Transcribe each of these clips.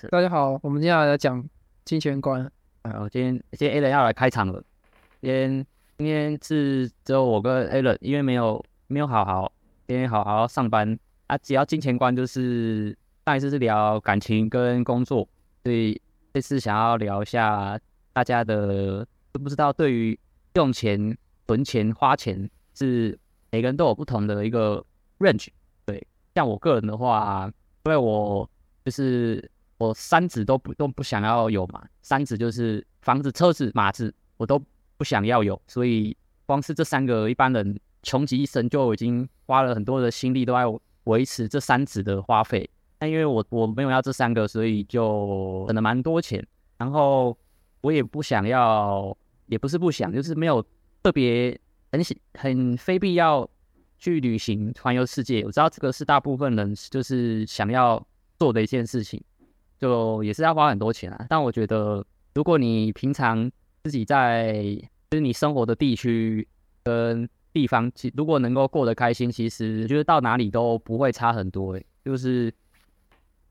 是大家好，我們接下來講金錢觀。啊，我今天今天 Alan 要來開場了。今天今天是只有我跟 Alan，因為沒有沒有好好今天好好上班啊。只要金錢觀，就是上一次是聊感情跟工作，所以這次想要聊一下大家的，都不知道對於用錢、存錢、花錢是每個人都有不同的一個 range。對，像我個人的話，啊，因為我就是。我三子都不都不想要有嘛，三子就是房子、車子、馬子，我都不想要有，所以光是這三個，一般人窮極一生就已經花了很多的心力都在維持這三子的花費。但因為我我沒有要這三個，所以就省了蠻多錢。然後我也不想要，也不是不想，就是沒有特別很很非必要去旅行環遊世界。我知道這個是大部分人就是想要做的一件事情。就也是要花很多錢啊，但我覺得，如果你平常自己在就是你生活的地區跟地方，其如果能夠過得開心，其實就是到哪裡都不會差很多，欸。就是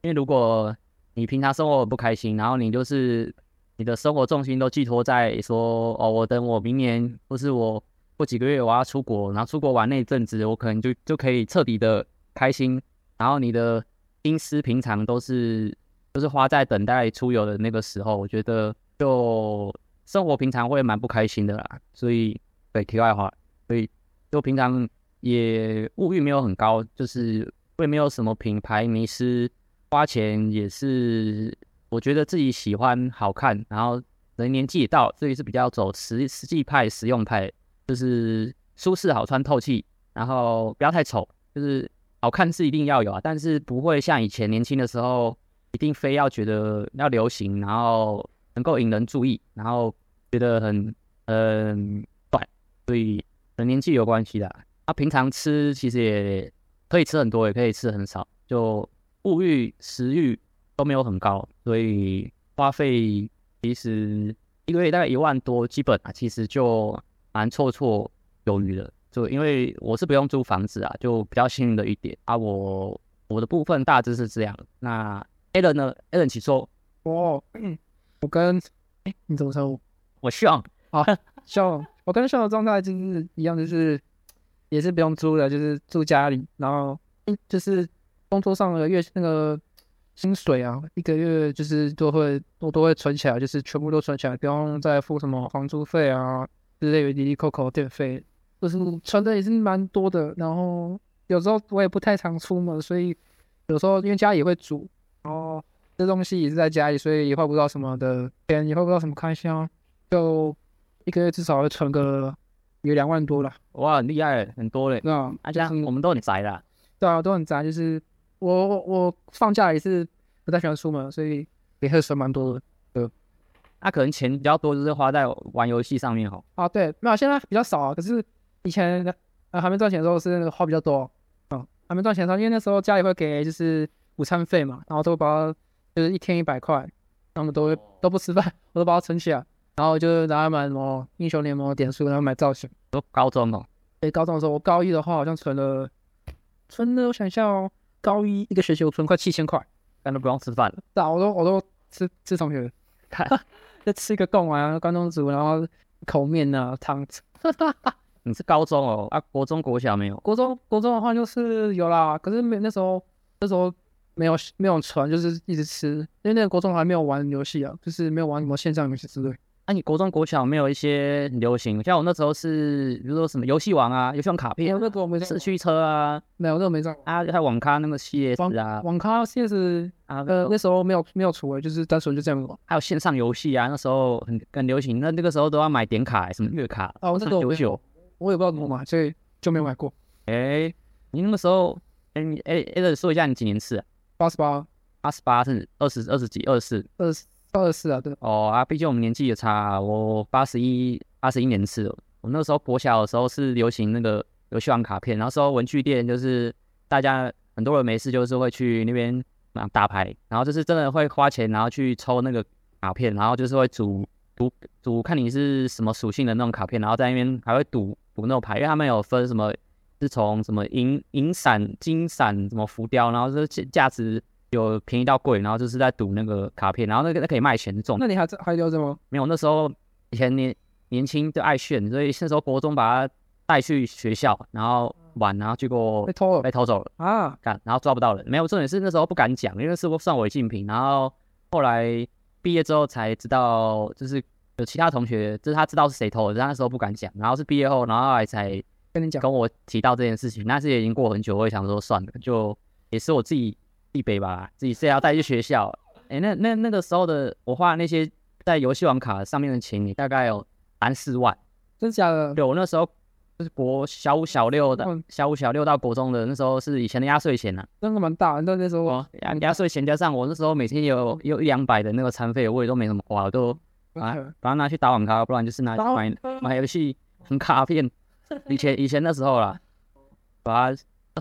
因為如果你平常生活很不開心，然後你就是你的生活重心都寄托在說哦，我等我明年或是我過幾個月我要出國，然後出國玩那陣子，我可能就就可以徹底的開心。然後你的心思平常都是。就是花在等待出遊的那個時候，我覺得就生活平常會蠻不開心的啦。所以，對，題外話，所以就平常也物欲沒有很高，就是會沒有什麼品牌迷失，花錢也是我覺得自己喜歡好看，然後人年紀也到，所以是比較走實實際派、實用派，就是舒適、好穿、透氣，然後不要太醜，就是好看是一定要有啊，但是不會像以前年輕的時候。一定非要覺得要流行，然後能夠引人注意，然後覺得很嗯短，所以和年紀有關係的、啊。他、啊、平常吃其實也可以吃很多，也可以吃很少，就物慾、食慾都沒有很高，所以花費其實一個月大概一萬多，基本啊其實就蠻綽綽有餘的。就因為我是不用租房子啊，就比較幸運的一點啊我。我我的部分大致是這樣，那。Allen 呢？Allen，請說，我、哦，我跟，誒、欸，你怎麼稱呼？我秀想，好，像， 我跟笑的狀態就是一樣，就是也是不用租的，就是住家裡，然後就是工作上的月那個薪水啊，一個月就是都會，我都會存起來，就是全部都存起來，不用再付什麼房租費啊之類的，裡裡扣扣、電費，就是存的也是蠻多的。然後有時候我也不太常出門，所以有時候因為家裡也會煮。然後、哦、這東西也是在家裡，所以以後不知道什麼的，錢，以後不知道什麼開銷，就一個月至少要存個有兩萬多了。哇，很厲害了，很多嘞。那就是、啊，而且我們都很宅的。對啊，都很宅。就是我我我放假也是不太喜歡出門，所以也存蠻多的。那、啊、可能錢比較多，就是花在玩遊戲上面哦。啊，對，沒有現在比較少啊。可是以前啊、呃、還沒賺錢的時候是花比較多、啊。嗯，還沒賺錢的時候，因為那時候家裡會給，就是。午餐費嘛，然後都把它就是一天一百塊，他們都都不吃飯，我都把它存起來，然後就拿來買什麼英雄聯盟點數，然後買造型。都高中了、哦，哎、欸，高中的時候，我高一的話好像存了，存了我想一下哦，高一一個學期我存快七千塊，但都不用吃飯了，但、啊、我都我都吃吃同學，在看 吃一個貢丸、啊、關東煮，然後口麵啊湯。湯吃 你是高中哦？啊，國中國小沒有，國中國中的話就是有啦，可是沒那時候那時候。那時候沒有沒有存，就是一直吃，因為那個國中還沒有玩遊戲啊，就是沒有玩什麼線上遊戲之類。哎，啊、你國中國小沒有一些很流行？像我那時候是，比如說什麼遊戲王啊，遊戲王卡片、啊，那個我沒四驅車啊，沒有那個沒在啊，還有網咖那個 CS 啊網，網咖 CS、呃、啊，呃、okay.，那時候沒有沒有存、欸，就是單純就這樣過。還有線上遊戲啊，那時候很很流行，那那個時候都要買點卡、欸，什麼月卡啊，九九、哦，那個、我,沒我也不知道怎麼買，所以就沒買過。哎、嗯欸，你那個時候，哎你哎哎說一下你幾年次、啊？八十八，八十八是二十二十幾，二十四，二四啊，對。哦啊，畢竟我們年紀也差，我八十一，八十一年次了。我那時候國小的時候是流行那個遊戲王卡片，然後時候文具店就是大家很多人沒事就是會去那邊打牌，然後就是真的會花錢，然後去抽那個卡片，然後就是會賭賭賭看你是什麼屬性的那種卡片，然後在那邊還會賭賭那種牌，因為他們有分什麼。是從什麼銀銀閃、金閃、什麼浮雕，然後就是價值有便宜到貴，然後就是在賭那個卡片，然後那個那可以賣錢的種。那你還還留着嗎？沒有，那時候以前年年輕就愛炫，所以那時候國中把它帶去學校，然後玩，然後去過被，被偷了，被偷走了啊！幹，然後抓不到人，沒有，重點是那時候不敢講，因為是算違禁品。然後後來畢業之後才知道，就是有其他同學，就是他知道是誰偷的，他那時候不敢講。然後是畢業後，然後來才。跟我提到這件事情，那是已經過很久，我也想說算了，就也是我自己一杯吧，自己是要帶去學校。哎、欸，那那那個時候的我花那些在遊戲網卡上面的錢，大概有三四萬，真假的？有，那時候就是國小五、小六的，麼小五、小六到國中的那時候，是以前的壓歲錢啊，真的蠻大。那那時候壓壓歲錢加上我那時候每天有有一兩百的那個餐費，我也都沒什麼花，都啊把它 Okay. 拿去打網咖，不然就是拿去打買買遊戲網卡片。以前以前那時候啦，啊，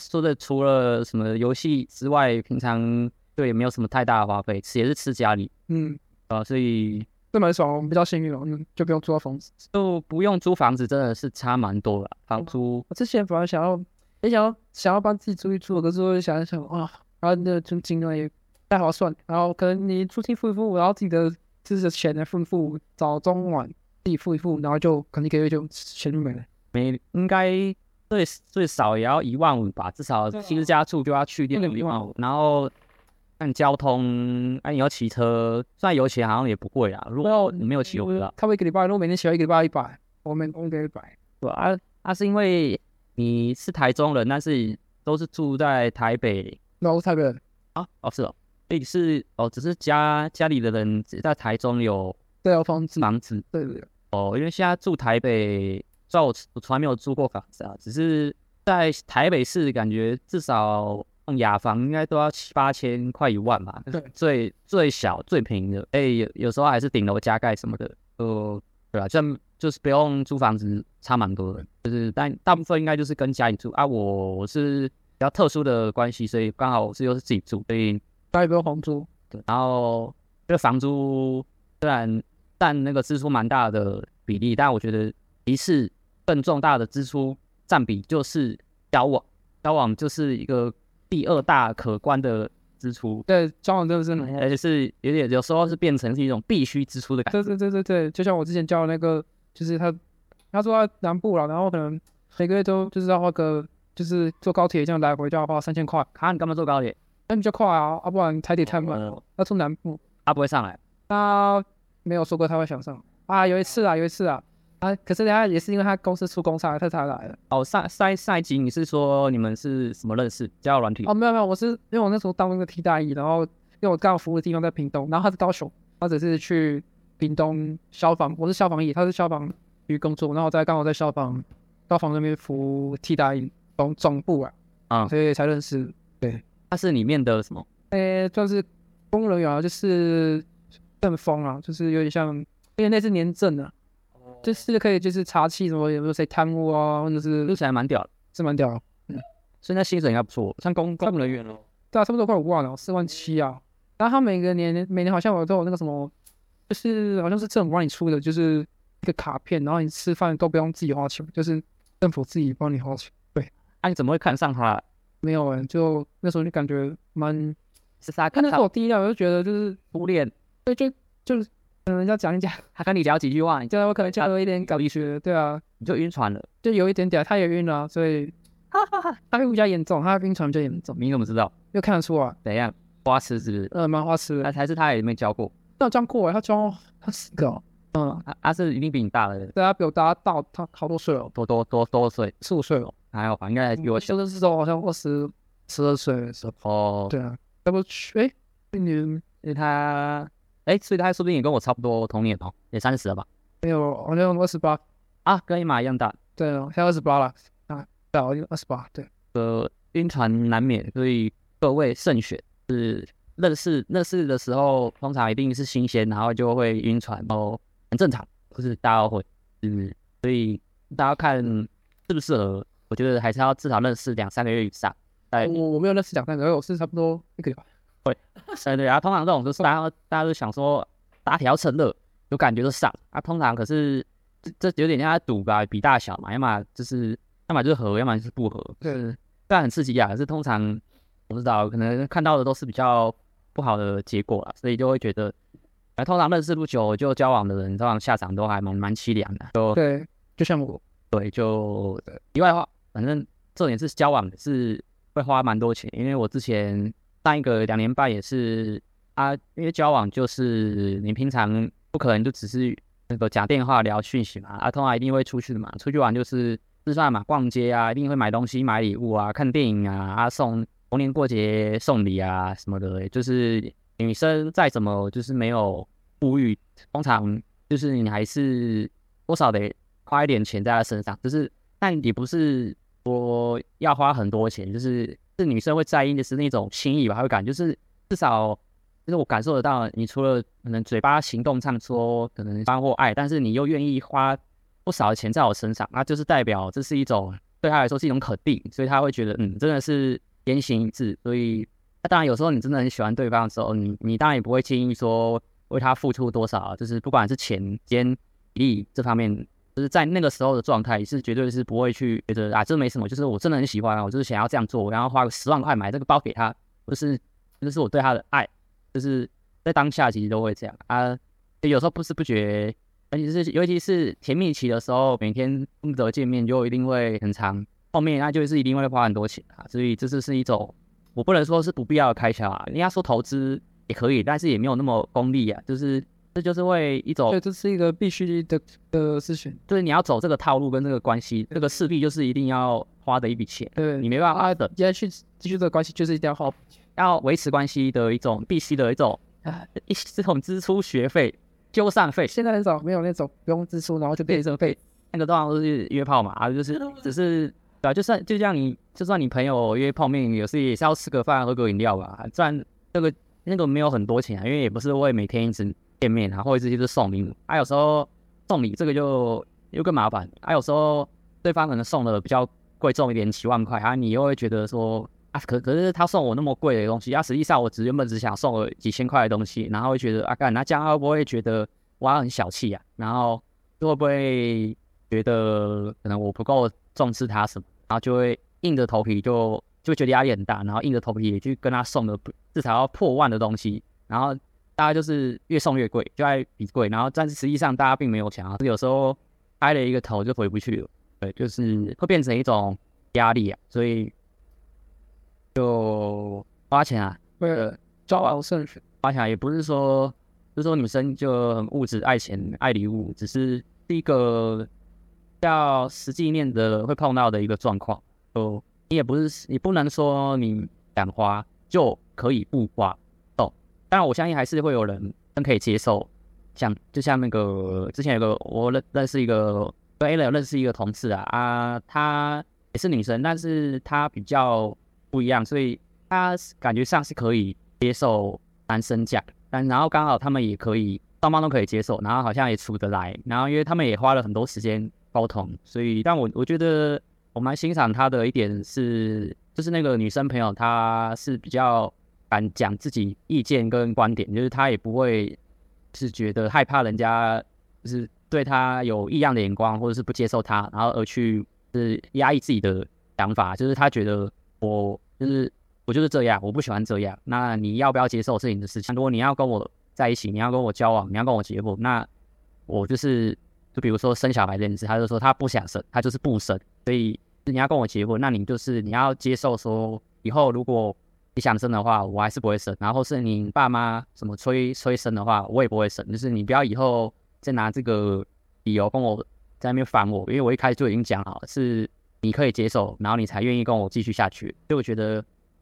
說的除了什麼遊戲之外，平常對也沒有什麼太大的花費，吃也是吃家裡，嗯，啊，所以這麼爽，我比較幸運了。嗯，就不用租房子，就不用租房子，真的是差蠻多的，房租。哦、我之前本來想要也想要想要幫自己租一租，可是我又想想啊，然後那租金呢也太划算，然後可能你出去付一付，然後自己的自己的錢來付一付，早中晚自己付一付，然後就可能一個月就錢就沒了。每應該最最少也要一萬五吧，至少新家住就要去掉一萬五。哦，然後按交通，哎、啊，你要騎車，算油錢好像也不貴啊。如果你沒有騎，哦、我不知道。他一個禮拜，如果每天騎，一個禮拜一百，我每天騎一百。對啊，那、啊、是因為你是台中人，但是都是住在台北。那我、no, 台北人啊？哦，是哦，你是哦，只是家家裡的人只在台中有對、哦，子對，對，對，哦，房子，房子，對哦，因為現在住台北。雖然我，我從來沒有租過房子啊，只是在台北市，感覺至少雅房應該都要七八千，快一萬吧。對，最最小最便宜的，哎、欸，有有時候還是頂樓加蓋什麼的，呃，對啊，就就是不用租房子差，差蠻多的，就是但大部分應該就是跟家裡住啊。我是比較特殊的關係，所以剛好我是又是自己住，所以家裡不用房租。對，然後這個房租雖然但那個支出蠻大的比例，但我覺得一次。更重大的支出佔比就是交往，交往就是一個第二大可觀的支出。對，交往、嗯、就是，而且是有點，有時候是變成是一種必須支出的感覺。對對對對對，就像我之前交的那個，就是他，他住在南部啦，然後可能每個月都就是要花個，就是坐高鐵這樣來回就要花三千塊。啊，你幹嘛坐高鐵？那你就要快啊，要、啊、不然台鐵太慢。他從的南部，他不會上來。他沒有說過他會想上。啊，有一次啊，有一次啊。啊！可是等下也是因為他公司出公差，他才來的。哦，賽賽一集你是說你們是什麼認識？嘉耀軟體？哦，沒有沒有，我是因為我那時候當那個替代役，然後因為我剛好服務的地方在屏東，然後他是高雄，他只是去屏東消防，我是消防役，他是消防局工作，然後我在剛好在消防消防那邊服務替代役總總部啊，啊、嗯，所以才認識。對，他是裡面的什麼？哎、欸，就是公務人員啊，就是政風啊，就是有點像因為那是廉政啊。就是可以，就是查氣什麼，有沒有誰貪污啊，或者是看起來蠻屌的，是蠻屌的。嗯，所以那薪水應該不錯，像公公務人員咯、哦。對啊，差不多快五萬了、哦，四萬七啊。然後他每個年每年好像有都有那個什麼，就是好像是政府幫你出的，就是一個卡片，然後你吃飯都不用自己花錢，就是政府自己幫你花錢。對，那、啊、你怎麼會看上他？沒有啊、欸，就那時候就感覺蠻是啥，看他那種低調，我就覺得就是不練，然對，就就嗯，要講一講，他跟你聊幾句話，你就我可能加多一點搞暈學，對啊，你就暈船了，就有一點點，他也暈了，所以哈哈哈，他暈比較嚴重，他暈船比較嚴重，你怎麼知道？又看得出來？等一下，花痴是不是？嗯，蠻花痴的，還是他也沒教過？那教過，他教他四個，嗯，他是一定比你大了，對啊，比我大，他好多歲哦，多多多多歲，四五歲了，還好吧？應該比我，就是說好像我十十二歲的時候，哦，對啊，要不哎，去年他。哎，所以他說不定也跟我差不多同年哦，也三十了吧？沒有，我現在二十八。啊，跟你媽一樣大。對哦，現在二十八了啊。對，我二十八。對。呃，暈船難免，所以各位慎選。是認識認識的時候，通常一定是新鮮，然後就會暈船哦，然後很正常，就是大家會嗯。所以大家看適不適合，我覺得還是要至少認識兩三個月以上。哎，我我沒有認識兩三個月，我是差不多一個月。 對，對對啊，通常這種就是大家大家都想說打鐵趁熱，有感覺就上。啊，通常可是這這有點像賭吧，比大小嘛，要麼就是要麼就是合，要麼就是不合。對，雖然很刺激啊，可是通常我知道可能看到的都是比較不好的結果了，所以就會覺得，啊，通常認識不久就交往的人，通常下場都還蠻蠻淒涼的。就對，就像我，對，就。題對外話，反正重點是交往是會花蠻多錢，因為我之前。上一個兩年半也是啊，因為交往就是你平常不可能就只是那個講電話聊訊息嘛，啊，通常一定會出去的嘛，出去玩就是吃飯嘛、逛街啊，一定會買東西、買禮物啊、看電影啊、啊送逢年過節送禮啊什麼的。就是女生再怎麼就是沒有物慾，通常就是你還是多少得花一點錢在她身上，就是但也不是說要花很多錢，就是。是女生會在意的是那種心意吧，她會感覺就是至少就是我感受得到，你除了可能嘴巴行動上說可能包括愛，但是你又願意花不少的錢在我身上，那就是代表這是一種對她來說是一種肯定，所以她會覺得嗯，真的是言行一致。所以那、啊、當然有時候你真的很喜歡對方的時候，你你當然也不會輕易說為他付出多少，就是不管是錢兼、精力這方面。就是在那個時候的狀態也是絕對是不會去覺得啊，這沒什麼，就是我真的很喜歡，我就是想要這樣做，然後花個十萬塊買這個包給他，就是這、就是我對他的愛，就是在當下其實都會這樣啊。有時候不知不覺，而且是尤其是甜蜜期的時候，每天恨不得見面就一定會很長，後面那就是一定會花很多錢啊。所以這是是一種我不能說是不必要的開銷啊，人家說投資也可以，但是也沒有那麼功利啊，就是。這就是為一種，對，這，就是一個必須的的事情。就是你要走這個套路跟這個關係，對這個勢必就是一定要花的一筆錢，對你沒辦法，啊啊、的，接下去繼續這個關係，就是一定要花，要維持關係的一種必須的一種啊，一,一這種支出學費，就賬費，現在很少沒有那種不用支出，然後就變成費，嗯、那個通常都是約炮嘛，啊，就是只是對啊，就算就像你，就算你朋友約泡麵，也是也是要吃個飯，喝個飲料吧，賺，那個那個沒有很多錢啊，因為也不是會每天一直。店面，然後或者就是送禮，啊，有時候送禮這個就又更麻煩，啊，有時候對方可能送的比較貴重一點，幾萬塊，啊，你又會覺得說，啊，可可是他送我那麼貴的東西，啊，實際上我只原本只想送幾千塊的東西，然後會覺得，啊，幹那、啊、這樣會不會覺得我還很小氣啊？然後就會不會覺得可能我不夠重視他什麼？然後就會硬着頭皮就就會覺得壓力很大，然後硬着頭皮也去跟他送的至少要破萬的東西，然後。大家就是越送越貴，就愛比貴，然後但是實際上大家並沒有錢，有時候捱了一個頭就回不去了。對，就是會變成一種壓力啊，所以就花錢啊，為了招搖炫富花錢啊，也不是說，就是說女生就很物質愛錢愛禮物，只是第一個要實際面的會碰到的一個狀況。哦，你也不是，你不能說你敢花就可以不花。那我相信還是會有人更可以接受像，像就像那個之前有個我認認識一個跟 Allen 認識一個同事啊，啊，她也是女生，但是她比較不一樣，所以她感覺上是可以接受男生價，但然後剛好他們也可以雙方都可以接受，然後好像也處得來，然後因為他們也花了很多時間溝通，所以但我我覺得我蠻欣賞他的一點是，就是那個女生朋友她是比較。敢講自己意見跟觀點，就是他也不會是覺得害怕人家，就是對他有異樣的眼光，或者是不接受他，然後而去是壓抑自己的想法。就是他覺得我就是我就是這樣，我不喜歡這樣。那你要不要接受是你的事情？如果你要跟我在一起，你要跟我交往，你要跟我結婚，那我就是就比如說生小孩這件事，他就說他不想生，他就是不生。所以你要跟我結婚，那你就是你要接受說以後如果。你想生的話，我還是不會生。然後是你爸媽什麼催催生的話，我也不會生。就是你不要以後再拿這個理由跟我在那邊煩我，因為我一開始就已經講好了，是你可以接受，然後你才願意跟我繼續下去。所以我覺得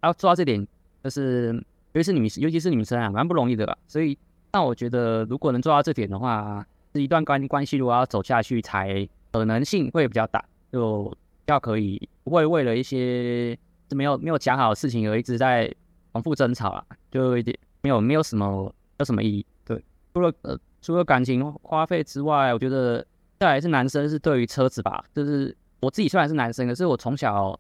要、啊、做到這點，就是尤其是女，尤其是女生啊，蠻不容易的、啊。所以那我覺得，如果能做到這點的話，是一段關關係，如果要走下去，才可能性會比較大，就要可以，不會為了一些。沒有沒有講好的事情，而一直在重複爭吵啦、啊，就一點沒有沒有什麼沒有什麼意義。對，除了呃除了感情花費之外，我覺得再來是男生是對於車子吧，就是我自己雖然是男生，可是我從小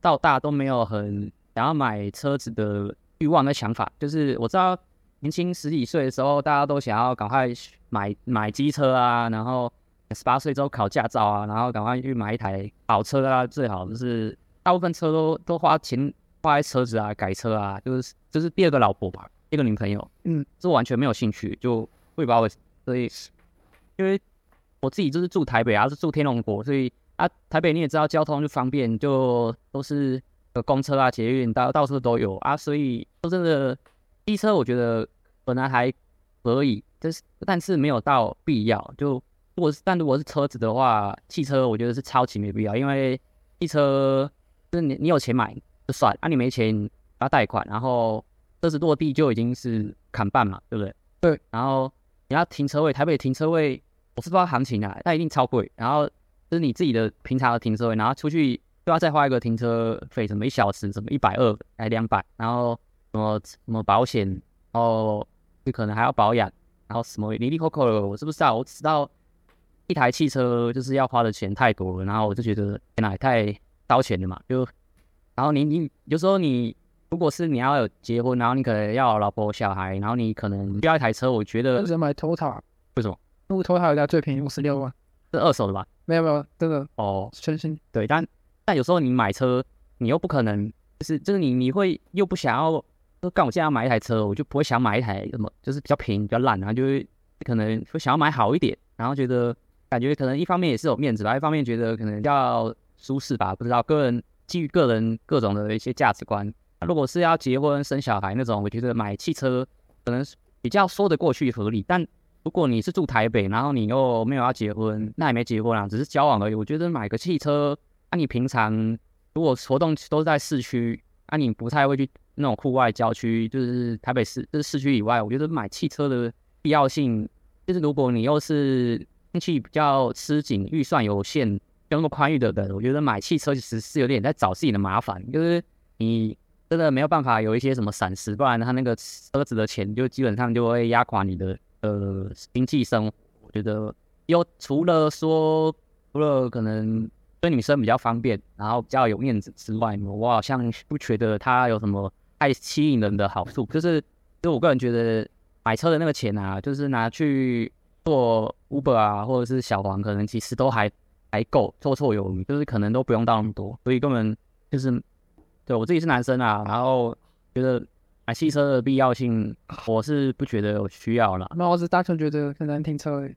到大都沒有很想要買車子的慾望的想法。就是我知道年輕十幾歲的時候，大家都想要趕快買買機車啊，然後十八歲之後考駕照啊，然後趕快去買一台跑車啊，最好就是。大部分車都都花錢花在車子啊、改車啊，就是就是第二個老婆吧，一個女朋友，嗯，這完全沒有興趣，就會把我所以，因為我自己就是住台北啊，是住天龍國，所以啊，台北你也知道，交通就方便，就都是個公車啊、捷運到到處都有啊，所以說真的機車我覺得本來還可以，但、就是但是沒有到必要，就如果是但如果是車子的話，汽車我覺得是超級沒必要，因為汽車。就是你你有錢買就算啊，你沒錢要貸款，然後車子落地就已經是砍半嘛，對不對？對，然後你要停車位，台北停車位我是不知道行情啊，那一定超貴。然後就是你自己的平常的停車位，然後出去又要再花一個停車費，什麼一小時，什麼一百二，還是兩百，然後什麼什麼保險，然後你可能還要保養，然後什麼零零扣扣的，我是不知道，我是不是啊？我只知道一台汽車就是要花的錢太多了，然後我就覺得天吶，太。刀錢的嘛，就，然後你你有時候你如果是你要有結婚，然後你可能要老婆小孩，然後你可能需要一台車。我覺得買 Toyota，為什麼？因為 Toyota 有台最便宜五十六萬，是二手的吧？沒有沒有，真的哦，全新。對，但但有時候你買車，你又不可能，就是就是你你會又不想要，就剛我現在要買一台車，我就不會想買一台什麼，就是比較平比較爛，然後就會，可能就想要買好一點，然後覺得感覺可能一方面也是有面子吧，一方面覺得可能要。舒適吧，不知道個人基於個人各種的一些價值觀、啊。如果是要結婚生小孩那種，我覺得買汽車可能比較說得過去合理。但如果你是住台北，然後你又沒有要結婚，那也沒結婚啊，只是交往而已。我覺得買個汽車，那、啊、你平常如果活動都是在市區，那、啊、你不太會去那種戶外郊區，就是台北市就是市區以外。我覺得買汽車的必要性，就是如果你又是運氣比較吃緊，預算有限。那麼寬裕的人，我覺得買汽車其實是有點在找自己的麻煩。就是你真的沒有辦法有一些什麼閃失，不然他那個車子的錢就基本上就會壓垮你的呃經濟生活。我覺得，又除了說，除了可能對女生比較方便，然後比較有面子之外呢，我好像不覺得它有什麼太吸引人的好處。就是，就我個人覺得，買車的那個錢啊，就是拿去做 Uber 啊，或者是小黃，可能其實都還。還夠綽綽有餘，就是可能都不用到那麼多，所以根本就是對我自己是男生啊，然後覺得買汽車的必要性我是不覺得有需要了。那我只是單純覺得很難停車、欸。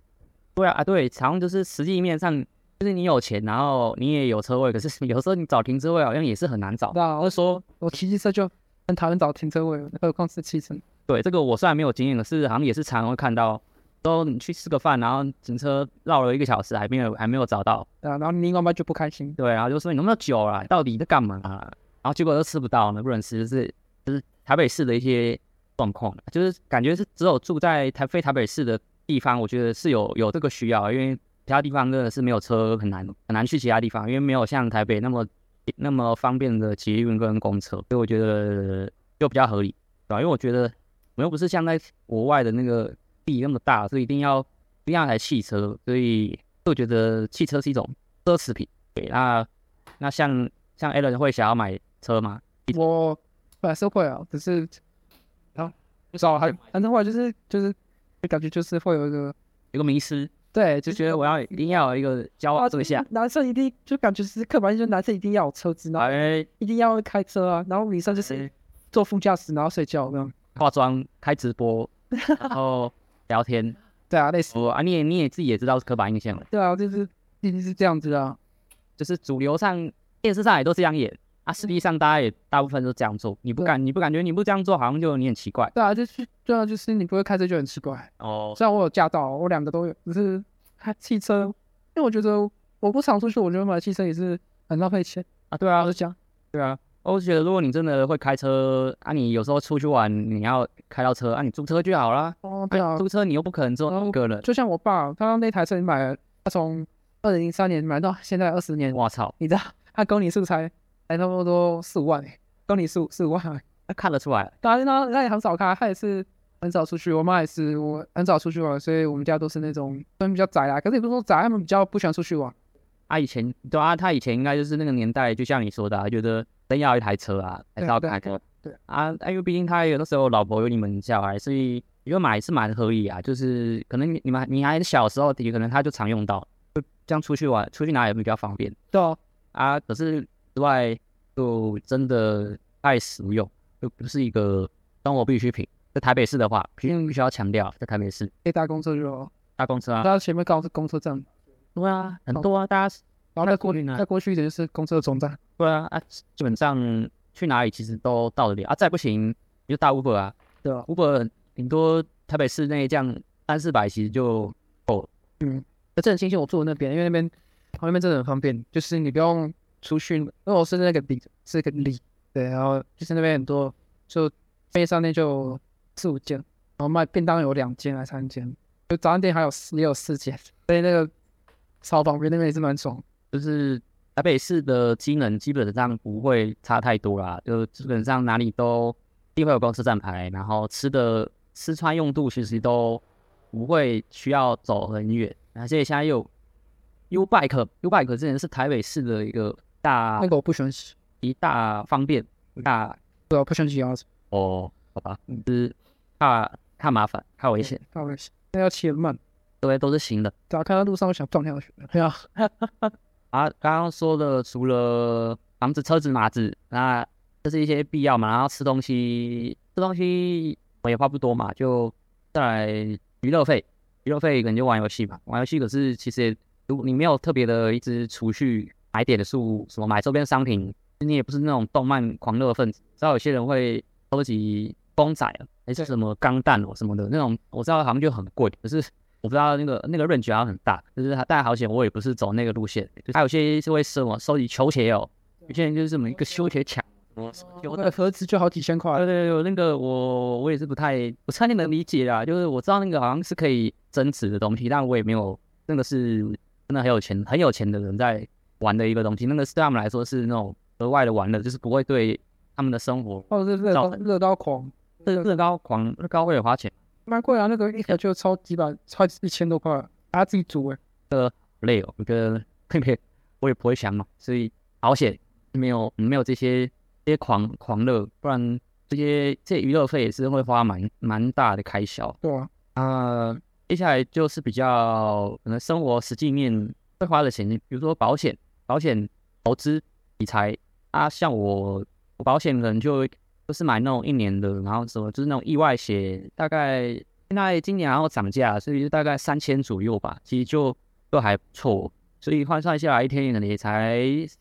對啊，啊對，常就是實際面上，就是你有錢，然後你也有車位，可是有時候你找停車位好、啊、像也是很難找。那我說，我騎機車就很討厭找停車位，那何況是汽車。對，這個我雖然沒有經驗，可是好像也是常會看到。都你去吃個飯，然後停車繞了一個小時，還沒有還沒有找到，對啊，然後另外媽就不開心，對，然後就說你那麼久了，到底在幹嘛、啊？啊、然後結果都吃不到，呢，不能吃，就是就是台北市的一些狀況，就是感覺是只有住在台非台北市的地方，我覺得是有有這個需要，因為其他地方真的是沒有車，很難很難去其他地方，因為沒有像台北那麼那麼方便的捷運跟公車，所以我覺得就比較合理，對、啊、吧？因為我覺得我又不是像在國外的那個。地那麼大，所以一定要一台汽車，所以就覺得汽車是一種奢侈品。對，那那像像 Allen 會想要買車嗎？我本來是會啊，只是然後至少還反正話就是就是感覺就是會有一個有一個迷思，對，就覺得我要一定要有一個教我怎麼想。男生一定就感覺是刻板印象，就是男生一定要有車子，然後一定要開車啊，哎、然後女生就是坐副駕駛，然後睡覺，化妝，開直播，然後。 聊天，對啊，累死我，哦，啊，你也你也自己也知道是刻板印象了。對啊，就是一直是這樣子啊，就是主流上電視上也都是這樣演，嗯，啊，實際上大家也大部分都這樣做，你不敢，對你不感覺你不這樣做好像就你很奇怪。對啊，就是對啊，就是你不會開車就很奇怪。哦，雖然我有駕照，我兩個都有，只是開汽車，因為我覺得我不常出去，我覺得買汽車也是很浪費錢啊。對啊，就是這樣。對啊。我覺得，如果你真的會開車啊，你有時候出去玩，你要開到車啊，你租車就好啦。哦，對啊，啊，租車你又不可能做那，那麼個人。就像我爸，他那台車你買了，他從二零零三年買到現在二十年。我操！你知道他公里數才才差不多四五萬，公里數四五萬，他看得出來。當然了，啊，他那也很少開，他也是很少出去。我媽也是，我很少出去玩，所以我們家都是那種，他們比較宅啊，可是也不是說宅他們比較不喜歡出去玩。他、啊、以前對啊，他以前應該就是那個年代，就像你說的、啊，覺得真要一台車啊，才好開的。對啊，因為、啊啊啊、畢竟他有的時候老婆有你們小孩，所以如果買是蠻的可以啊。就是可能你們你，你還小時候的，可能他就常用到，就這樣出去玩、出去哪也比較方便。對啊，啊，可是之外就真的愛實用，又不是一個生活必需品。在台北市的話，肯定必須要強調，在台北市可以搭公車就搭公車啊，他前面剛好是公車站。對啊，很多啊，好大家。然後那個過，過去再過去一點就是公車總站。對啊，啊，基本上去哪裡其實都到得了啊。再不行就打 Uber 啊，對吧、啊？Uber 頂多台北市內這樣三四百其實就夠了、哦。嗯，真的很慶幸我住在那邊，因為那邊那邊真的很方便，就是你不用出去。因為我是那個里，是個里，對。然後就是那邊很多，就面上面就四五間，然後賣便當有兩間還三間，就早餐店還有四也有四間，所以那個。超方便，那邊也是蠻爽。就是台北市的機能基本上不會差太多啦，就基本上哪裡都一定會有公車站牌，然後吃的、吃穿用度其實都不會需要走很遠。而、啊、且現在又有 U Bike，U Bike 真的是台北市的一個大那個，我不喜歡騎，一大方便 Okay. 大，對啊，不歡喜啊，什哦，好吧，嗯，怕怕麻煩，怕危險，嗯、怕危險，那要騎慢。對，都是行的。早、啊、看到路上我想撞兩哈哈啊， 啊，剛剛說的除了房子、車子、馬子，那、啊、這是一些必要嘛。然後吃東西，吃東西我也花不多嘛。就再來娛樂費，娛樂費可能就玩遊戲嘛。玩遊戲可是其實也如果你沒有特別的一支儲蓄，買點的數什麼買周邊商品，你也不是那種動漫狂熱分子。知道有些人會收集公仔，還是什麼鋼彈哦對什麼的那種，我知道好像就很貴，可是。我不知道那個那個潤 a 好像很大，就是它，但好險我也不是走那個路線。就還、是、有些是會收我、喔，收集球鞋哦、喔。對有些人就是這麼一個修鐵搶，有的盒子就好幾千塊。對,對對對，那個我我也是不太，我差點能理解啦。就是我知道那個好像是可以增值的東西，但我也沒有。那個是真的很有錢，很有錢的人在玩的一個東西。那個對他們來說是那種額外的玩的，就是不會對他們的生活。哦，對對熱高高狂,狂，熱熱高狂，熱高了花錢。蠻貴啊，那個一條就超幾百，超一千多塊，啊自己煮誒、欸，呃，累哦，我覺得特別，我也不會想嘛，所以保險沒有沒有這些這些狂狂熱，不然這些這些娛樂費也是會花蠻蠻大的開銷，對啊，啊、呃，接下來就是比較可能生活實際面會花的錢，比如說保險、保險投資理財，啊，像我，我保險人就。不是買那種一年的，然後什麼就是那種意外險，大概現在今年然後漲價，所以就大概三千左右吧。其實就都還不錯，所以換算下來一天也也才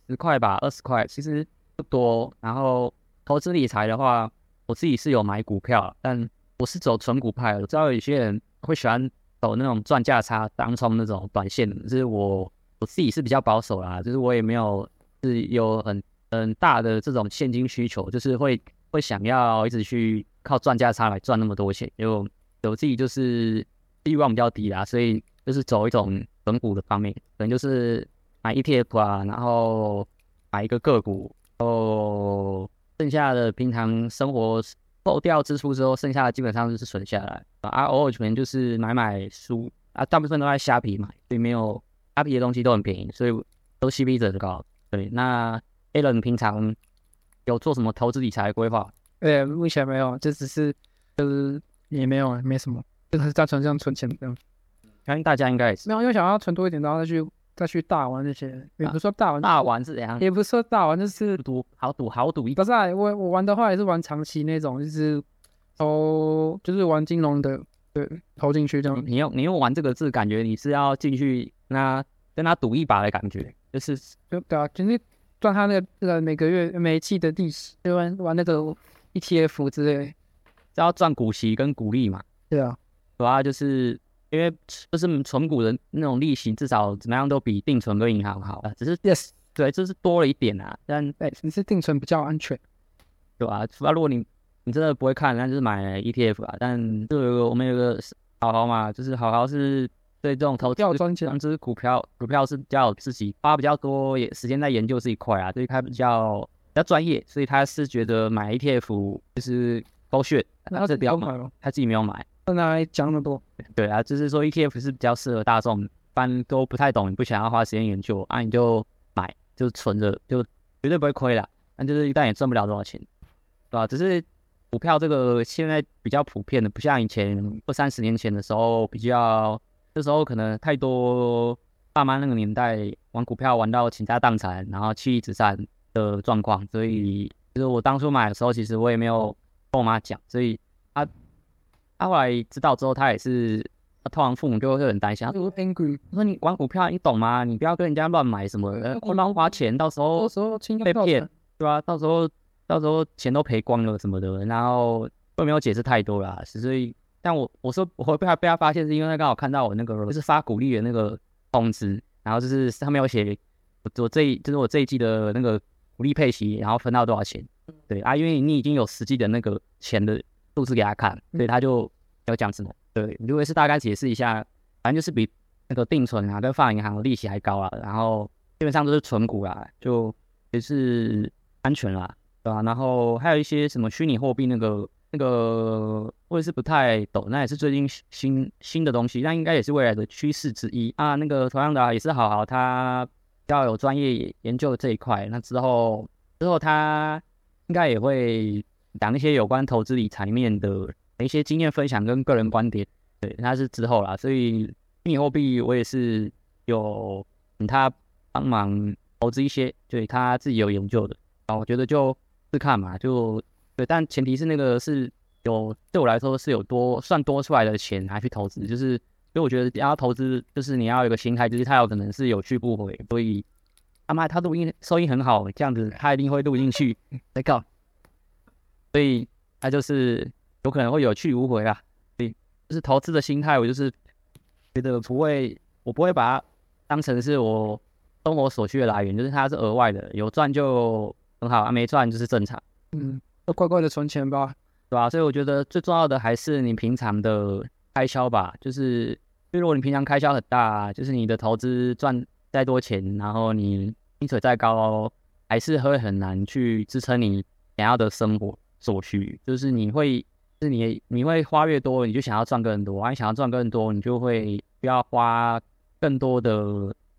十塊吧，二十塊其實不多。然後投資理財的話，我自己是有買股票，但我是走存股派。我知道有些人會喜歡走那種賺價差、當沖那種短線的，就是我我自己是比較保守啦，就是我也沒有、就是有很很大的這種現金需求，就是會。會想要一直去靠賺價差來賺那麼多錢，因為我自己就是慾望比較低啦、啊，所以就是走一種存股的方面，可能就是買 ETF 啊，然後買一個個股，然後剩下的平常生活扣掉支出之後，剩下的基本上就是存下來啊，偶爾存就是買買書啊，大部分都在蝦皮買，所以沒有蝦皮的東西都很便宜，所以都 CP 值很高。對，那 Allen 平常，有做什麼投資理財的規劃？呃、欸，目前沒有，就只是就是也沒有，沒什麼，就是單純這樣存錢這樣。相信大家應該也是。沒有，因為想要存多一點，然後再去再去大玩這些。也不是說大玩，啊，大玩是怎樣？也不是說大玩，就是賭，好賭，好賭一。不是，我我玩的話也是玩長期那種，就是投，就是玩金融的，對，投進去這種你用你用玩這個字，感覺你是要進去那跟他賭一把的感覺，就是就打就去。賺他那個每個月每一季的利息，就玩那個 E T F 之類的，只要賺股息跟股利嘛。對啊，對啊，就是因為就是存股的那種利息，至少怎麼樣都比定存跟銀行好啊。只是 yes 對，就是多了一點啊，但誒你是定存比較安全。對啊，除了如果你你真的不會看，那就是買 E T F 啊。但就有個我們有個好好嘛，就是好好是。對這種投掉專，其實股票股票、啊、股票是比較自己花比較多也時間在研究這一塊啊，所以他比較比較專業，所以他是覺得買 ETF 就是狗屎，那不要買咯，他自己沒有買，跟他講那麼多。對啊，就是說 ETF 是比較適合大眾，一般都不太懂，你不想要花時間研究啊，你就買，就存着，就絕對不會虧了，那就是一旦也賺不了多少錢。對、啊、只是股票這個現在比較普遍的，不像以前二三十年前的時候比較。這時候可能太多爸媽那個年代玩股票玩到傾家蕩產，然後妻離子散的狀況，所以就是我當初買的時候，其實我也沒有跟我媽講，所以她、啊、她、啊、後來知道之後，她也是，她、啊、通常父母就會很擔心。他說我，我說：“你玩股票，你懂嗎？你不要跟人家亂買什麼的，不要亂花錢，到時候被騙，對吧、啊？到時候到時候錢都賠光了什麼的。”然後也沒有解釋太多啦、啊，所以。像我，我說我被他被他發現，是因為他剛好看到我那個就是發鼓勵的那個通知，然後就是上面有寫我這一就是我這一季的那個鼓勵配息，然後分到多少錢？對啊，因為你已經有實際的那個錢的數字給他看，所以他就要講什麼？嗯、對，如果是大概解釋一下，反正就是比那個定存啊跟放銀行的利息還高啊，然後基本上都是存股啦、啊，就也是安全啦、啊，對啊，然後還有一些什麼虛擬貨幣那個。那個我也是不太懂，那也是最近新新的東西，那應該也是未來的趨勢之一啊。那個同樣的也是，好好他比較有專業研究的這一塊，那之後之後他應該也會講一些有關投資理財面的一些經驗分享跟個人觀點。對，那是之後啦，所以虛擬貨幣我也是有請他幫忙投資一些，對他自己有研究的啊。我覺得就試看嘛，就。對，但前提是那個是有，對我來說是有多算多出來的錢拿去投資，就是因為我覺得要投資，就是你要有個心態，就是它有可能是有去不回，所以阿媽他錄音收音很好，這樣子他一定會錄進去，在搞，所以他就是有可能會有去無回啊，所以就是投資的心態，我就是覺得不會，我不會把它當成是我生活所需的來源，就是它是額外的，有賺就很好，啊沒賺就是正常，嗯。都乖乖的存錢吧，對吧、啊？所以我覺得最重要的還是你平常的開銷吧。就是，因為如果你平常開銷很大，就是你的投資賺再多錢，然後你薪水再高，還是會很難去支撐你想要的生活所需。就是你會，就是你你會花越多，你就想要賺更多，你想要賺更多，你就會需要花更多的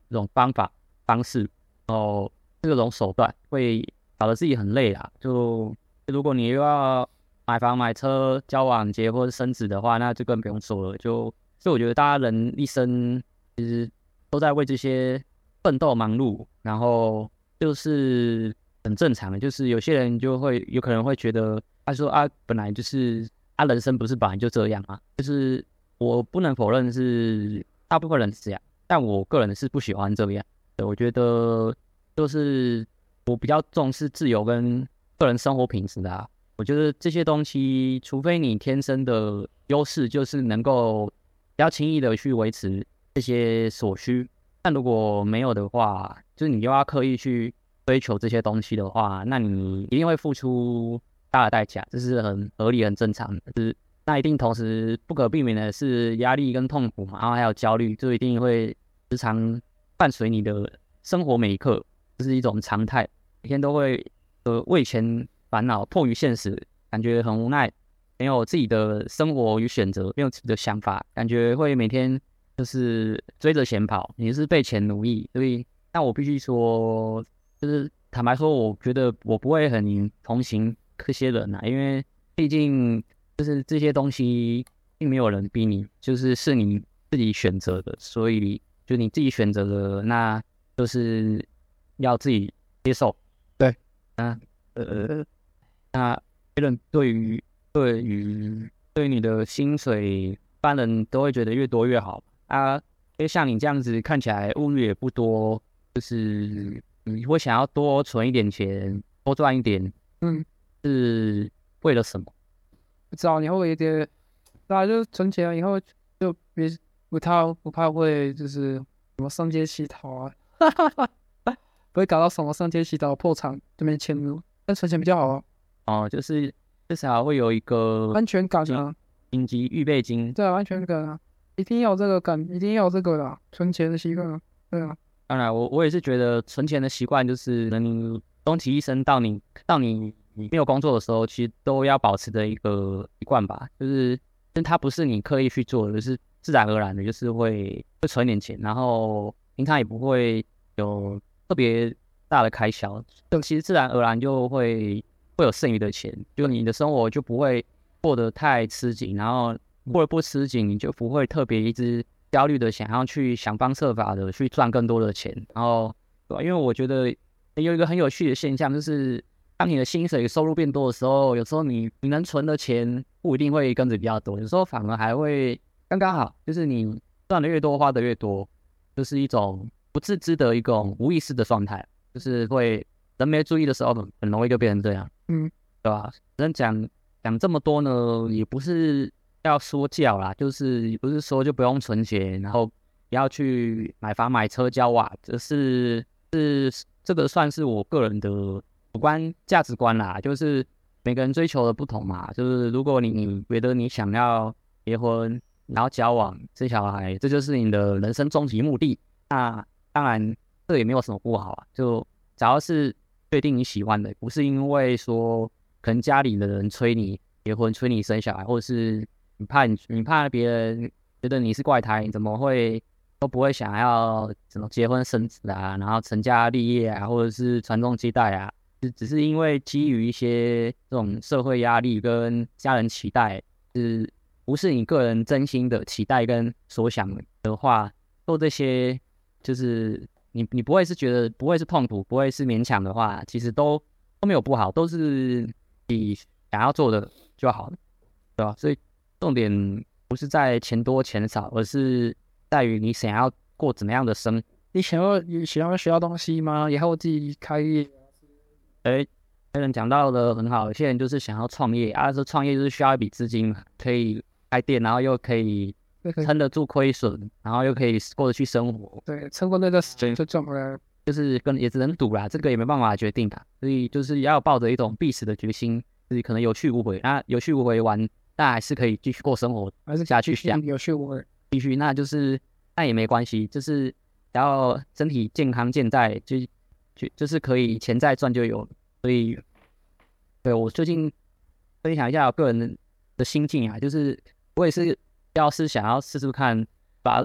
這種方法、方式，然後這種手段會搞得自己很累啦。就如果你又要買房買車、交往結婚生子的話，那就更不用說了。就所以，我覺得大家人一生其實都在為這些奮鬥忙碌，然後就是很正常的。的就是有些人就會有可能會覺得，他說啊，本來就是他，啊、人生不是本來就這樣啊。就是我不能否認是大部分人是這樣，但我個人是不喜歡這樣。對，我覺得就是我比較重視自由跟個人生活品質啊，我覺得這些東西，除非你天生的優勢就是能夠比較輕易的去維持這些所需，但如果沒有的話，就是你又要刻意去追求這些東西的話，那你一定會付出大的代價，這是很合理、很正常的。是，那一定同時不可避免的是壓力跟痛苦嘛，然後還有焦慮，就一定會時常伴隨你的生活每一刻，這是一種常態，每天都會。呃，為錢煩惱，迫於現實，感覺很無奈，沒有自己的生活與選擇，沒有自己的想法，感覺會每天就是追着錢跑，也是被錢奴役。所以，那我必須說，就是坦白說，我覺得我不會很同情這些人啊，因為畢竟就是這些東西並沒有人逼你，就是是你自己選擇的，所以就你自己選擇的，那就是要自己接受。啊，呃，那、啊、別人對於對於對你的薪水，一般人都會覺得越多越好啊。因為像你這樣子，看起來物欲也不多，就是你會想要多存一點錢，多賺一點。嗯，是為了什麼？不知道以後有點，大家就存錢以後就別不怕不怕會就是什麼上街乞討啊。 會搞到什麼上天洗澡的破產，就沒錢了？但存錢比較好啊。哦，就是至少會有一個安全感啊。緊急預，預備金。對啊，安全感啊，一定要有這個感，一定要這個的存錢的習慣啊。對啊。當然，我我也是覺得存錢的習慣，就是你終其一生到，到你到你你沒有工作的時候，其實都要保持的一個習慣吧。就是，但它不是你刻意去做的，就是自然而然的，就是會會存一點錢，然後平常也不會有。特別大的開銷，就其實自然而然就會會有剩餘的錢，就你的生活就不會過得太吃緊，然後過得不吃緊，你就不會特別一直焦慮的想要去想方設法的去賺更多的錢，然後，對，因為我覺得有一個很有趣的現象，就是當你的薪水收入變多的時候，有時候你你能存的錢不一定會跟着比較多，有時候反而還會剛剛好，就是你賺的越多，花的越多，就是一種。不自知的一種無意識的狀態，就是會人沒注意的時候，很容易就變成這樣，嗯，對吧？人講講這麼多呢，也不是要說教啦，就是也不是說就不用存錢，然後不要去買房買車交往，這是這是這個算是我個人的主觀價值觀啦，就是每個人追求的不同嘛。就是如果你覺得你想要結婚，然後交往生小孩，這就是你的人生終極目的，那。當然，這也沒有什麼不好啊。就只要是確定你喜歡的，不是因為說可能家裡的人催你結婚、催你生小孩，或者是你怕你、你怕別人覺得你是怪胎，你怎麼會都不會想要什麼結婚生子啊，然後成家立業啊，或者是傳宗接代啊？只只是因為基於一些這種社會壓力跟家人期待，就是不是你個人真心的期待跟所想的話做這些？就是你，你不會是覺得不會是痛苦，不會是勉強的話，其實都都沒有不好，都是你想要做的就好了，對吧？所以重點不是在錢多錢少，而是在於你想要過怎麼樣的生，你想要你想要學到東西嗎？以後自己開業？哎，別人講到的很好，有些人就是想要創業，啊，說創業就是需要一筆資金，可以開店，然後又可以。撐得住虧損，然後又可以過得去生活。對，撐過那段時間就賺回來。就是跟也只能賭啦，這個也沒辦法決定的，所以就是要抱着一種必死的決心，自己可能有去無回。那有去無回完，但還是可以繼續過生活下去下去。還是想去想有去無回，繼續，那就是那也沒關係，就是只要身體健康健在，就就就是可以錢再賺就有。所以，對，我最近分享一下我個人的心境啊，就是我也是。要是想要試試看，把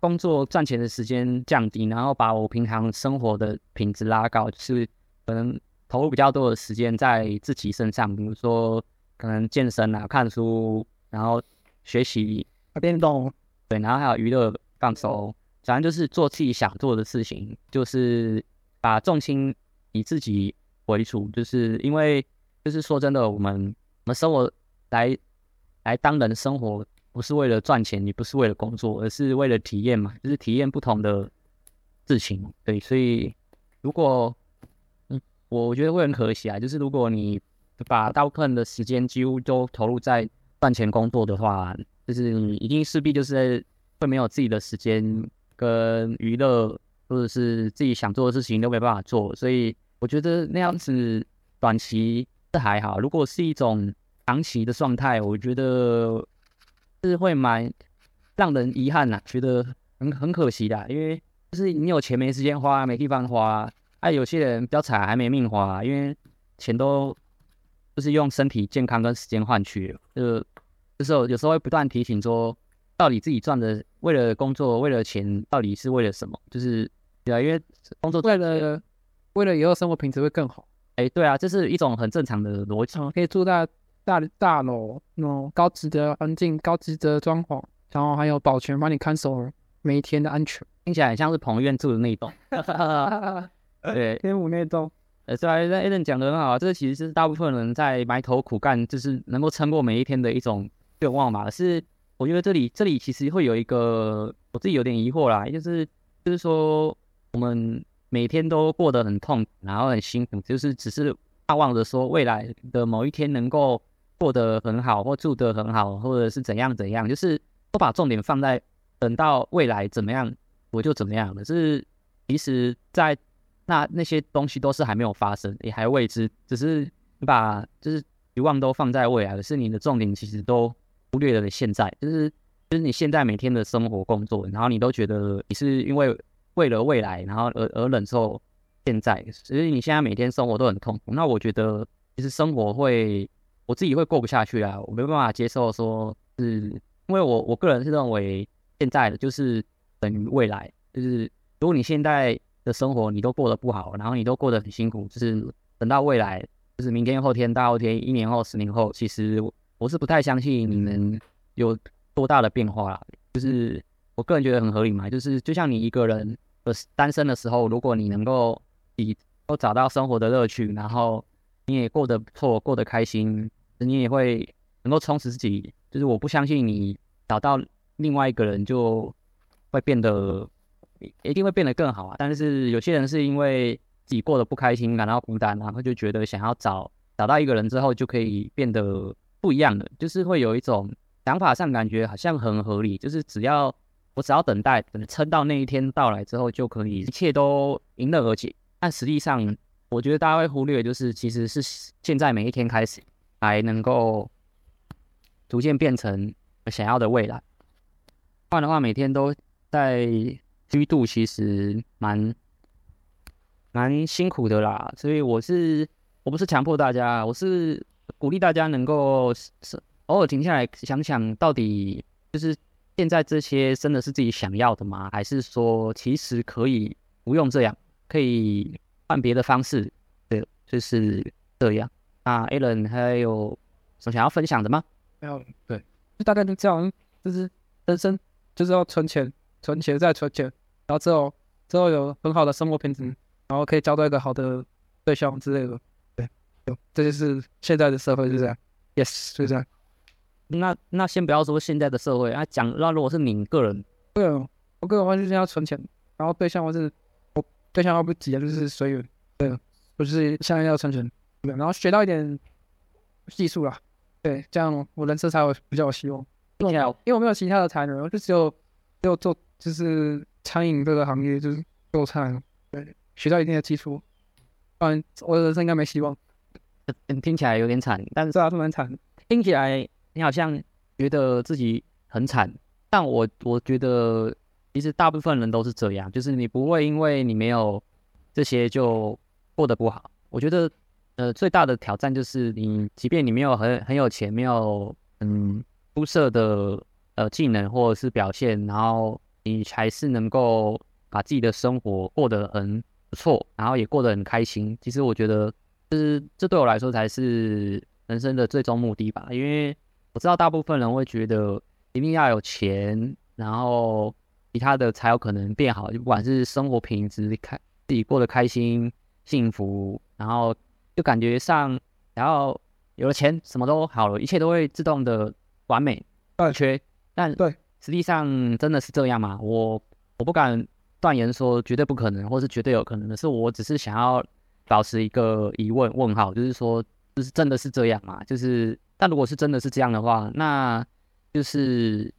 工作賺錢的時間降低，然後把我平常生活的品質拉高，就是可能投入比較多的時間在自己身上，比如說可能健身啊、看書，然後學習啊變動，對，然後還有娛樂放鬆，反正就是做自己想做的事情，就是把重心以自己為主，就是因為就是說真的，我們我們生活來來當人生活。不是為了賺錢，你不是為了工作，而是為了體驗嘛？就是體驗不同的事情。對，所以如果，嗯，我覺得會很可惜啊，就是如果你把大部分的時間幾乎都投入在賺錢工作的話，就是你一定勢必就是會沒有自己的時間跟娛樂，或者是自己想做的事情都沒辦法做。所以我覺得那樣子短期還好，如果是一種長期的狀態，我覺得。是會蠻讓人遺憾吶、啊，覺得很很可惜的、啊，因為就是你有錢沒時間花，沒地方花、啊，哎、啊，有些人比較慘，還沒命花、啊，因為錢都就是用身體健康跟時間換取，就是有時候有時候會不斷提醒說，到底自己賺的，為了工作為了錢到底是為了什麼？就是對啊，因為工作為了為了以後生活品質會更好，哎，對啊，這是一種很正常的邏輯，哦、可以做到。大大樓那種高級的安靜，高級的裝潢，然後還有保全幫你看守每一天的安全，聽起來很像是彭於晏住的那一棟。對，天母那棟。呃，對啊，那 Allen 講得很好，這個、其實是大部分人在埋頭苦幹，就是能夠撐過每一天的一種願望吧。可是，我覺得這裡這裡其實會有一個我自己有點疑惑啦，就是就是說我們每天都過得很痛苦，然後很辛苦，就是只是盼望着說未來的某一天能夠。過得很好，或住得很好，或者是怎樣怎樣，就是都把重點放在等到未來怎麼樣，我就怎麼樣了。可、就是其實，在那那些東西都是還沒有發生，也還未知，只是你把就是希望都放在未來，就是你的重點，其實都忽略了你現在，就是就是你現在每天的生活工作，然後你都覺得你是因為為了未來，然後而而忍受現在，所以你現在每天生活都很痛苦。那我覺得其實生活會。我自己會過不下去啊，我沒辦法接受說，說、嗯、是因為我我個人是認為，現在的就是等於未來，就是如果你現在的生活你都過得不好，然後你都過得很辛苦，就是等到未來，就是明天、後天、大後天、一年後、十年後，其實我是不太相信你能有多大的變化啦。嗯、就是我個人覺得很合理嘛，就是就像你一個人單身的時候，如果你能夠以都找到生活的樂趣，然後。你也過得不錯，過得開心，你也會能夠充實自己。就是我不相信你找到另外一個人就會變得，一定會變得更好啊。但是有些人是因為自己過得不開心，感到孤單，然後就覺得想要找找到一個人之後就可以變得不一樣了。就是會有一種想法上感覺好像很合理，就是只要我只要等待，等撐到那一天到來之後，就可以一切都迎刃而解。但實際上。我覺得大家會忽略，就是其實是現在每一天開始，才能夠逐漸變成想要的未來。不然的話，每天都在虛度，其實蠻蠻辛苦的啦。所以我是我不是強迫大家，我是鼓勵大家能夠偶爾停下來想想，到底就是現在這些真的是自己想要的嗎？還是說其實可以不用這樣，可以。換別的方式，對，就是這樣。那 Allen 還有什麼想要分享的嗎？沒有，對，就大概就這樣，就、嗯、是人生就是要存錢，存錢再存錢，然後之後之後有很好的生活品質，然後可以交到一個好的對象之類的。對，對這就是現在的社會就這樣。Yes，就這樣。那那先不要說現在的社會，那、啊、講，那如果是你個人，個人，我個人完全是要存錢，然後對象或是。對象要不急啊，就是所有，對，不、就是像要成神，對。然後學到一點技術啦。對，這樣我人生才有比較有希望。因為我沒有其他的才能，就只有，只有做就是餐飲這個行業，就是做菜，對，學到一定的技術。不然，我人生應該沒希望。嗯，聽起來有點慘，但是真的、啊、蠻慘。聽起來你好像覺得自己很慘，但我我覺得。其實大部分人都是這樣，就是你不會因為你沒有這些就過得不好。我覺得，呃，最大的挑戰就是你，即便你沒有很很有錢，沒有嗯出色的呃技能或者是表現，然後你還是能夠把自己的生活過得很不錯，然後也過得很開心。其實我覺得、就是，這這對我來說才是人生的最終目的吧。因為我知道大部分人會覺得一定要有錢，然後。其他的才有可能變好，就不管是生活品質，開自己過得開心幸福，然後就感覺上，然後有了錢什麼都好了，一切都會自動的完美不缺。但對，但實際上真的是這樣嗎？對我我不敢斷言說絕對不可能，或是絕對有可能的。是我只是想要保持一個疑問問號，就是說，就是真的是這樣嘛、啊？就是，但如果是真的是這樣的話，那就是。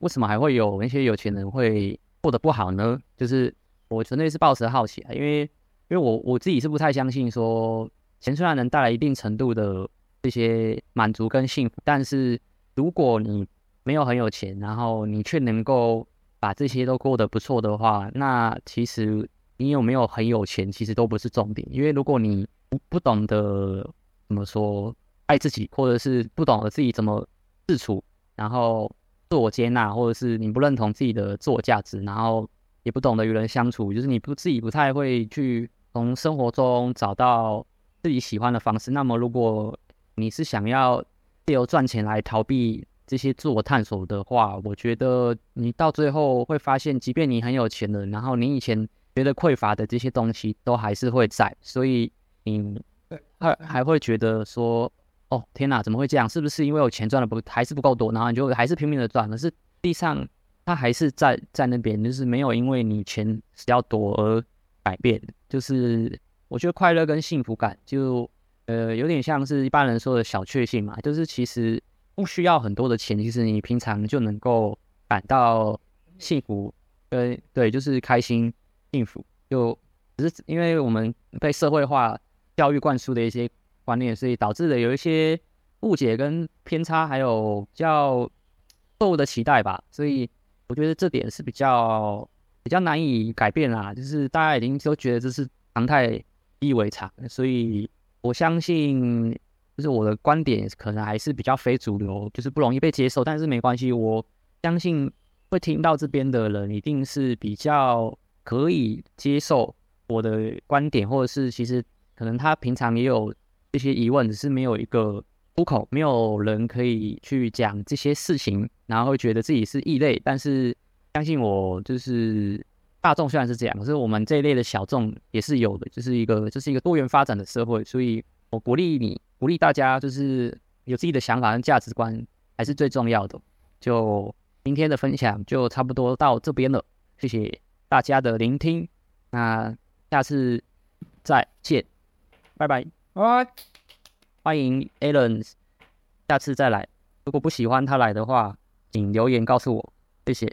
為什麼還會有那些有錢人會過得不好呢？就是我純粹是抱持好奇啊，因為因為我我自己是不太相信說，錢雖然能帶來一定程度的這些滿足跟幸福，但是如果你沒有很有錢，然後你卻能夠把這些都過得不錯的話，那其實你有沒有很有錢其實都不是重點，因為如果你不不懂得怎麼說愛自己，或者是不懂得自己怎麼自處，然後。自我接納，或者是你不認同自己的自我價值，然後也不懂得與人相處，就是你不自己不太會去從生活中找到自己喜歡的方式。那麼，如果你是想要藉由賺錢來逃避這些自我探索的話，我覺得你到最後會發現，即便你很有錢了，然後你以前覺得匱乏的這些東西都還是會在，所以你還還會覺得說。哦天哪，怎麼會這樣？是不是因為我錢賺的不還是不夠多，然後你就還是拼命的賺？可是地上它還是在在那邊，就是沒有因為你錢比較多而改變。就是我覺得快樂跟幸福感，就呃有點像是一般人說的小確幸嘛，就是其實不需要很多的錢，其實你平常就能夠感到幸福跟，對對，就是開心、幸福，就只是因為我們被社會化教育灌輸的一些。觀念，所以導致了有一些誤解跟偏差，還有比較錯誤的期待吧。所以我覺得這點是比較比較難以改變啦，就是大家已經都覺得這是常態，習以為常。所以我相信，就是我的觀點可能還是比較非主流，就是不容易被接受。但是沒關係，我相信會聽到這邊的人一定是比較可以接受我的觀點，或者是其實可能他平常也有。這些疑問只是沒有一個出口，沒有人可以去講這些事情，然後會覺得自己是異類。但是相信我，就是大眾雖然是這樣，可是我們這一類的小眾也是有的，就是一個就是一個多元發展的社會。所以，我鼓勵你，鼓勵大家，就是有自己的想法和價值觀，還是最重要的。就今天的分享就差不多到這邊了，謝謝大家的聆聽，那下次再見，拜拜。What? 歡迎 Allen，下次再來。如果不喜歡他來的話，請留言告訴我，謝謝。